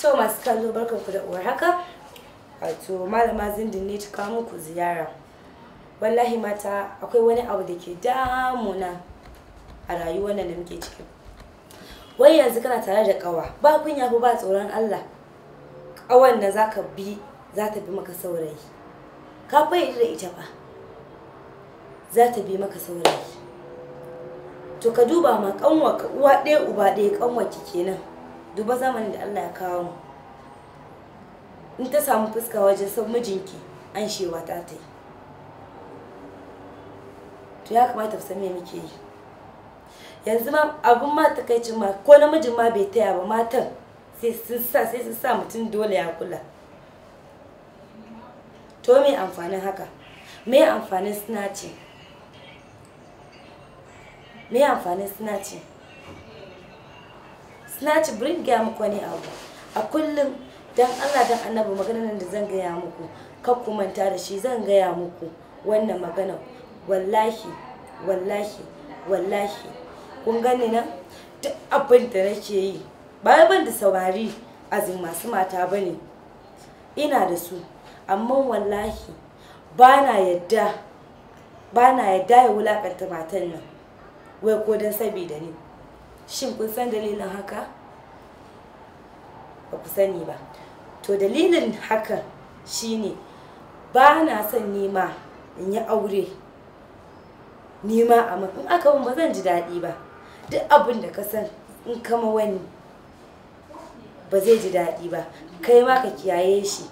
To masu kallo barkanku da uwar haka. Wato malama zindin ne cika muku ziyara. Wallahi mata akwai wani abu da ke damuna a rayuwar nan da muke ciki. Wai yanzu kana tare da kawa ba kunya ko ba tsoron Allah. Kawan da zaka bi za ta bi maka saurayi. Ka fayyade da ita ba. Za ta bi maka saurayi. To ka duba ma kanwa uwa ɗaya uba ɗaya kanwa kenan. duba zamanin da Allah ya kawo mu in ta samu fuska wajen san mijinki an shewa ta ta yi to ya kamata ku san me muke yi yanzu ma abun ma ta takaicin ma ko namijin ma bai taya ba matan sai sun sa sai sun sa mutum dole ya kula to me amfanin haka me amfanin suna ce me amfanin suna ce snatch bring gaya muku wani abu a kullum dan Allah dan annabi maganar da zan gaya muku kar ku manta da shi zan gaya muku wannan magana wallahi wallahi wallahi kun gani na duk abin da nake yi ba ban da saurari azin masu mata bane ina da su amma wallahi bana na yadda ya wulakanta matan nan wai ko don sabida ni shin kun san dalilin haka ba ku sani ba to dalilin haka shine ba na son nima in yi aure Nima a in aka ba zan ji daɗi ba duk abin da ka san in kama wani ba zai ji daɗi ba kai ma ka kiyaye shi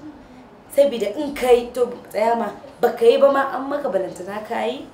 saboda in kai to tsaya ma ba yi ba ma an maka balantana ka yi